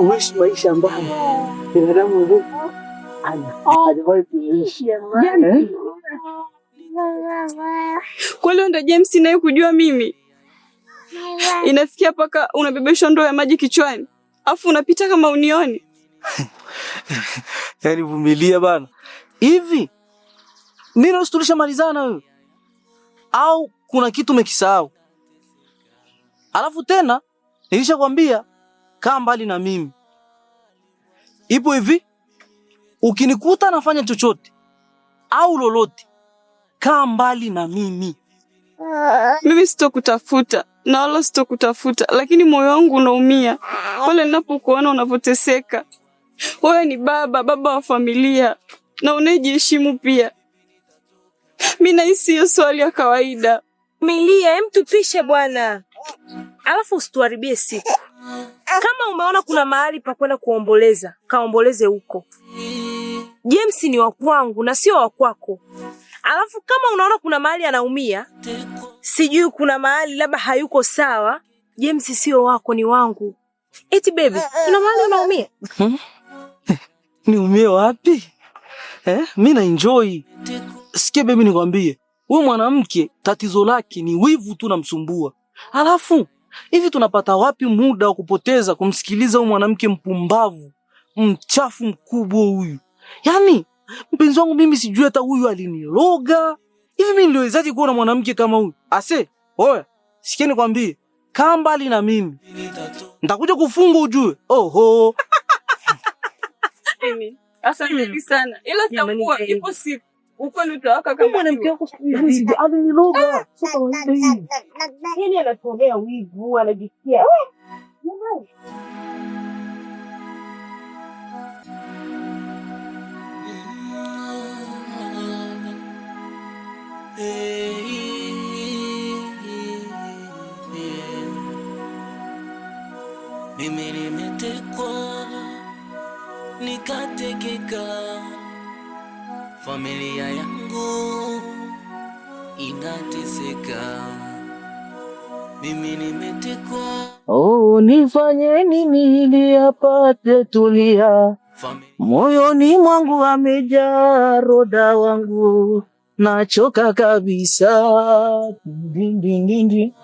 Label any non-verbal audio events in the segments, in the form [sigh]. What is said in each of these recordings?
uishi maisha ambayo binadamu oh, eh? Kwa ndo James naye kujua mimi, inafikia mpaka unabebeshwa ndoo ya maji kichwani, afu unapita kama unioni. [laughs] Yaani vumilia bana, hivi nini mali malizana wewe, au kuna kitu umekisahau? Alafu tena nilishakwambia kaa mbali na mimi. Ipo hivi, ukinikuta nafanya chochote au lolote, kaa mbali na mimi. Mimi sitokutafuta na wala sitokutafuta, lakini moyo wangu unaumia pale ninapokuona unavyoteseka. Wewe ni baba, baba wa familia na unajiheshimu pia. Mimi nahisi hiyo swali ya kawaida. Milia, hem tupishe bwana alafu usituharibie siku. Kama umeona kuna mahali pa kwenda kuomboleza, kaomboleze huko. James ni wa kwangu na sio wa kwako. Alafu kama unaona kuna mahali anaumia, sijui kuna mahali labda hayuko sawa, James sio wako, ni wangu. Eti baby, kuna mahali anaumia? Hmm? [laughs] Niumie wapi? Eh, mimi na enjoy. Sikia baby, nikwambie, huyu mwanamke tatizo lake ni wivu tu namsumbua. Alafu Hivi tunapata wapi muda wa kupoteza kumsikiliza huyu mwanamke mpumbavu mchafu mkubwa huyu? Yaani mpenzi wangu mimi sijui hata huyu aliniroga. Hivi mimi niliwezaje kuona mwanamke kama huyu? Ase, oya, sikieni kwambie kaa mbali na mimi. Nitakuja kufunga ujue. Oho. [laughs] Asante sana. Ila tutakuwa ipo siku huko nitawaka kama mwanamke wako siku ameniloga. Sio kawaida Yeye anatolea wivu, anajisikia mimi nimetekwa nikatekeka familia yangu inateseka, mimi nimetekwa. Oh, nifanye nini ili apate tulia? Moyoni mwangu amejaa roda wangu, nachoka kabisa. Dindindindi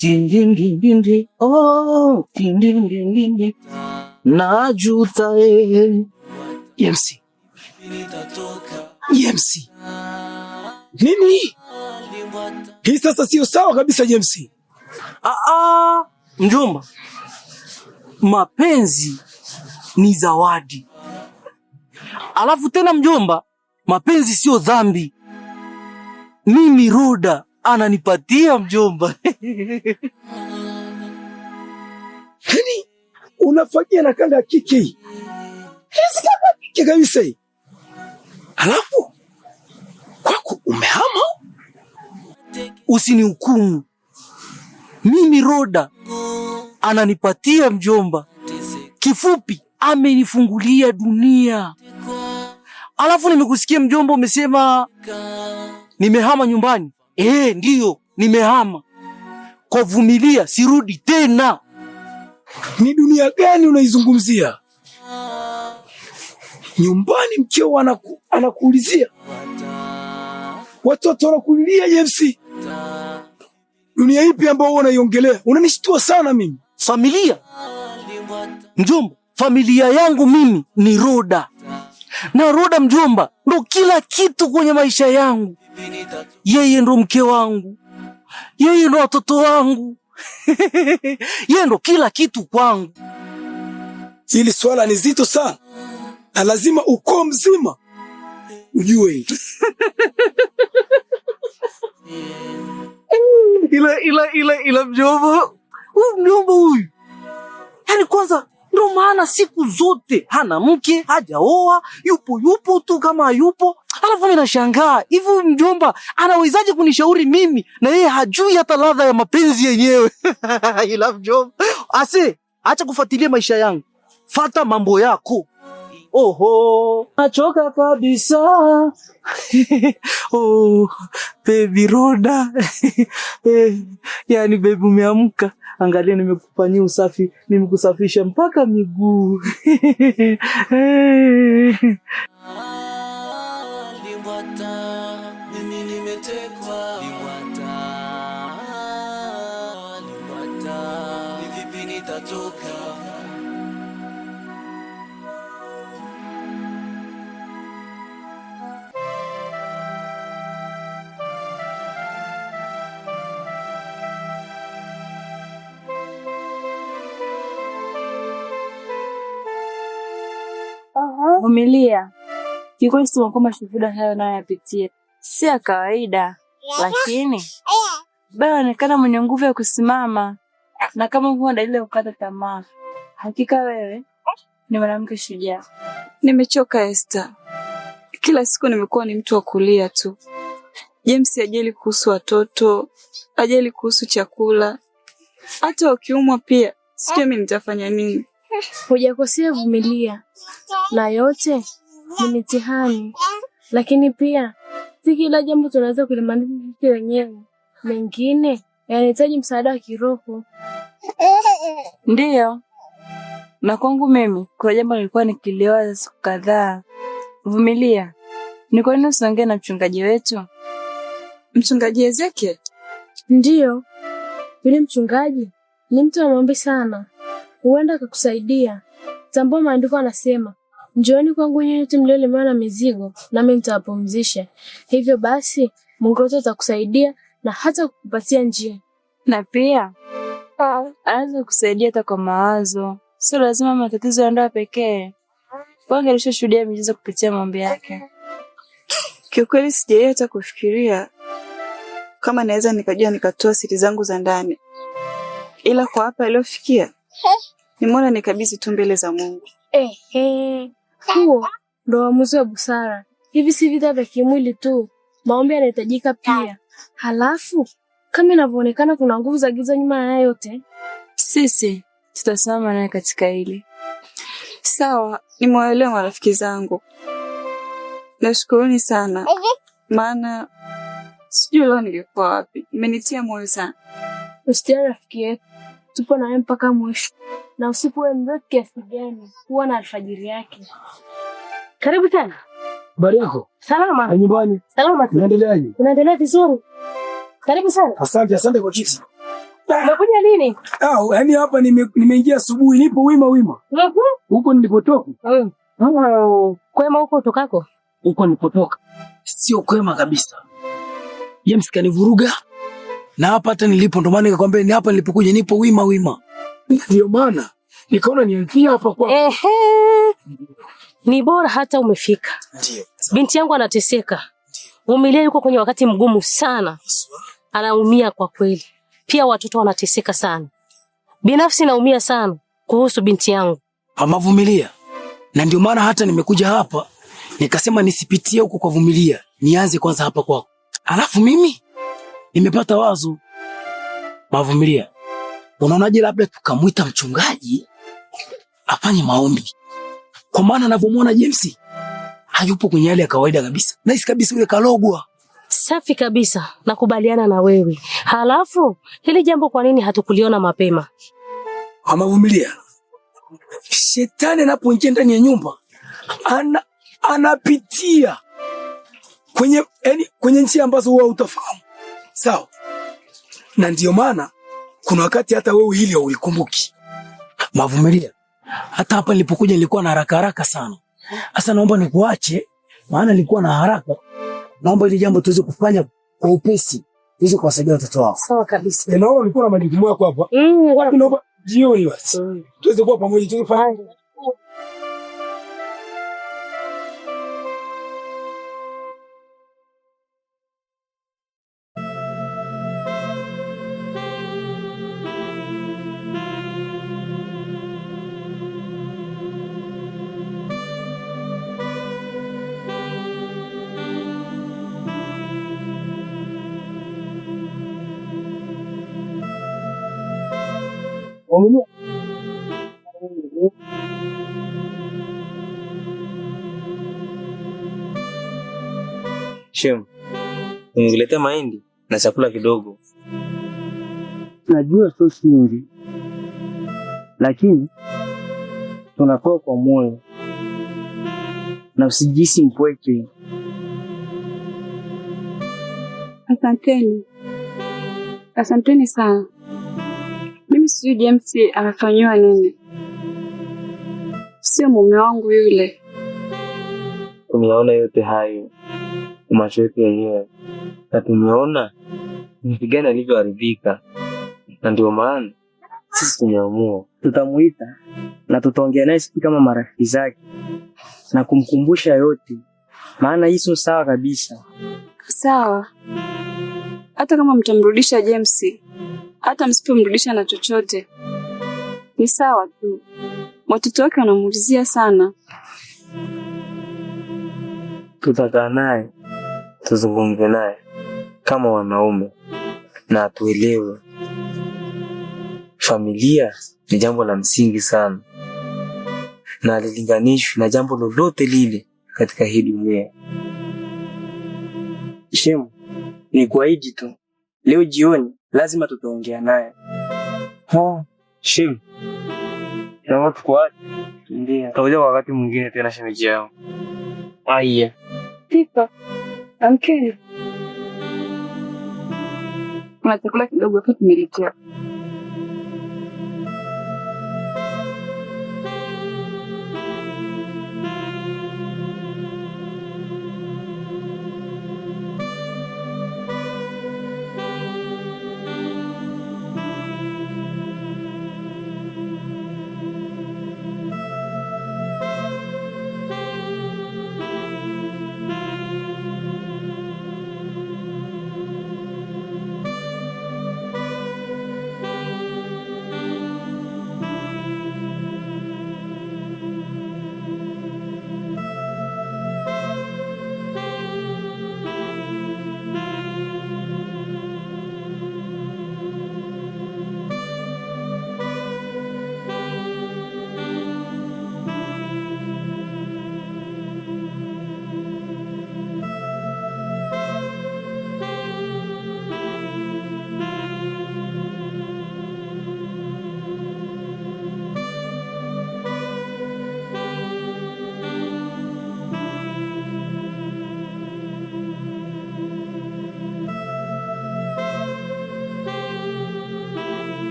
dindindindi, oh dindindindi, najuta eh. MC EMC. Nini? Hii sasa sio sawa kabisa EMC. Ah ah, mjomba. Mapenzi ni zawadi. Alafu tena mjomba, mapenzi sio dhambi. Mimi Roda ananipatia mjomba. unafanyia na kanda ya kike. Kabisa. Alafu kwako umehama, usinihukumu mimi. Roda ananipatia mjomba, kifupi amenifungulia dunia. Alafu nimekusikia mjomba, umesema nimehama nyumbani. Eh, ndiyo nimehama kwa vumilia, sirudi tena. Ni dunia gani unaizungumzia? nyumbani, mkeo anaku, anakuulizia, watoto wanakulilia JMC, dunia ipi ambao unaiongelea? Unanishtua sana mimi. Familia mjomba, familia yangu mimi ni Roda na Roda mjomba ndo kila kitu kwenye maisha yangu, yeye ndo mke wangu, yeye ndo watoto wangu [laughs] yeye ndo kila kitu kwangu. Hili swala ni zito sana na ah, lazima ukoo mzima ujue ila [laughs] ila ila ila mjomba huyu mjomba huyu, yani, kwanza ndo maana siku zote hana mke, hajaoa, yupo yupo tu kama yupo. Alafu mimi nashangaa hivi mjomba anawezaje kunishauri mimi na yeye hajui hata ladha ya mapenzi yenyewe? ila [laughs] mjomba, ase acha kufuatilia maisha yangu, fata mambo yako oho, nachoka kabisa [laughs] oh, bebi Roda [laughs] yani bebi umeamka. Angalia, nimekufanyia usafi, nimekusafisha mpaka miguu [laughs] Vumilia. Kikosi tunakwamba shuhuda hayo nayoyapitia si ya kawaida, lakini bado onekana mwenye nguvu ya kusimama, na kama huwa dalili ya kukata tamaa. Hakika wewe ni mwanamke shujaa. Nimechoka Esther, kila siku nimekuwa ni mtu wa kulia tu. James ajali kuhusu watoto, ajali kuhusu chakula, hata wakiumwa pia sijui mimi nitafanya nini. Hujakosea, vumilia. Na yote ni mitihani, lakini pia si kila jambo tunaweza kulimaliza sisi wenyewe. Mengine yanahitaji msaada wa kiroho. Ndiyo, na kwangu mimi kuna jambo nilikuwa nikiliwaza siku kadhaa. Vumilia. Ni kwa nini usiongee na mchungaji wetu? Mchungaji Ezekiel? Ndiyo, yule mchungaji ni mtu wa maombi sana huenda akakusaidia. Tambua maandiko anasema njooni kwangu nyote mliolemewa na mizigo, nami nitawapumzisha. Hivyo basi Mungu wetu atakusaidia na hata kukupatia njia, na pia anaweza kusaidia hata kwa mawazo. Sio lazima matatizo ya ndoa pekee. Bwana alishashuhudia miujiza kupitia maombi yake. Kiukweli sijawahi hata kufikiria kama naweza nikajua nikatoa siri zangu za ndani, ila kwa hapa aliofikia ni ni kabisi tu mbele za Mungu. Eh, eh. Huo ndo uamuzi wa busara. Hivi si vita vya kimwili tu, maombi yanahitajika pia. Halafu kama inavyoonekana kuna nguvu za giza nyuma ya yote, sisi tutasimama naye katika hili. Sawa, nimewaelewa marafiki zangu, nashukuruni sana, maana sijui leo nilikuwa wapi. Imenitia moyo sana. Usitia rafiki yetu tupo na wewe mpaka mwisho, na usiku wewe mrefu kiasi gani huwa na alfajiri yake. Karibu tena. Habari yako? Salama. Nyumbani. Salama. Unaendeleaje? Unaendelea vizuri. Karibu sana. Asante, asante kwa kiti. Umekuja lini? Ah, yani hapa nimeingia nime asubuhi, nipo wima wima. Mhm. Huko nilipotoka. Mhm. Kwema huko utokako? Huko nilipotoka. Sio kwema kabisa. James kanivuruga na hapa hata nilipo, ndo maana nikakwambia ni hapa nilipokuja, nipo wima wima, ndio maana nikaona nianzie hapa kwa. Ehe, ni bora hata umefika. Ndio binti yangu anateseka, umilia, yuko kwenye wakati mgumu sana, anaumia kwa kweli. Pia watoto wanateseka sana, binafsi naumia sana kuhusu binti yangu amavumilia, na ndio maana hata nimekuja hapa nikasema nisipitie huko kwa Vumilia, nianze kwanza hapa kwako, alafu mimi nimepata wazo. Mavumilia, unaonaje labda tukamwita mchungaji afanye maombi, kwa maana anavyomwona James hayupo kwenye hali ya kawaida kabisa. Nahisi kabisa yule kalogwa. Safi kabisa, nakubaliana na wewe. Halafu hili jambo, kwa nini hatukuliona mapema? Amavumilia, shetani anapoingia ndani ya nyumba ana, anapitia kwenye, yani, kwenye njia ambazo huwa utafahamu sawa. Na ndio maana kuna wakati hata wewe hili haulikumbuki. Mavumilia, hata hapa nilipokuja nilikuwa na haraka haraka sana. Sasa naomba nikuache, maana nilikuwa na haraka. Naomba hili jambo tuweze kufanya kwa upesi, tuweze kuwasaidia watoto wao. Sawa kabisa. E, naona nilikuwa na majukumu yako hapa. Mm, naomba jioni basi. Mm. Tuweze kuwa pamoja, tuweze kufanya Unajua? Shem, ungeleta mahindi na chakula kidogo. Najua sio singi, lakini tunakoa kwa moyo na usijisi mpweke. Asanteni, asanteni sana. Sijui James amefanyiwa nini? Sio mume wangu yule. Tumeona yote hayo kwa macho yetu yenyewe, na tumeona jinsi gani alivyoharibika, na ndio maana sisi tumeamua tutamuita na tutaongea naye sisi kama marafiki zake na kumkumbusha yote, maana hii sio sawa kabisa. Sawa, hata kama mtamrudisha James hata msipomrudisha na chochote ni sawa tu. Watoto wake wanamuulizia sana. Tutakaa naye tuzungumze naye kama wanaume na tuelewe Familia ni jambo la msingi sana na alilinganishwi na jambo lolote lile katika hii dunia. Shemu, ni kuahidi tu leo jioni lazima tutaongea naye. Shim, tuko wapi? Ndio. Tutakuja kwa wakati mwingine tena shemeji yangu. Aya. Pipa. Amkeni. Kuna chakula kidogo tu tumeletewa.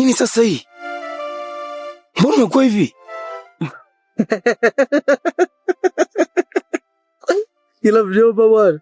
nini sasa hii? Mbona umekuwa hivi? Ila mjomba bwana,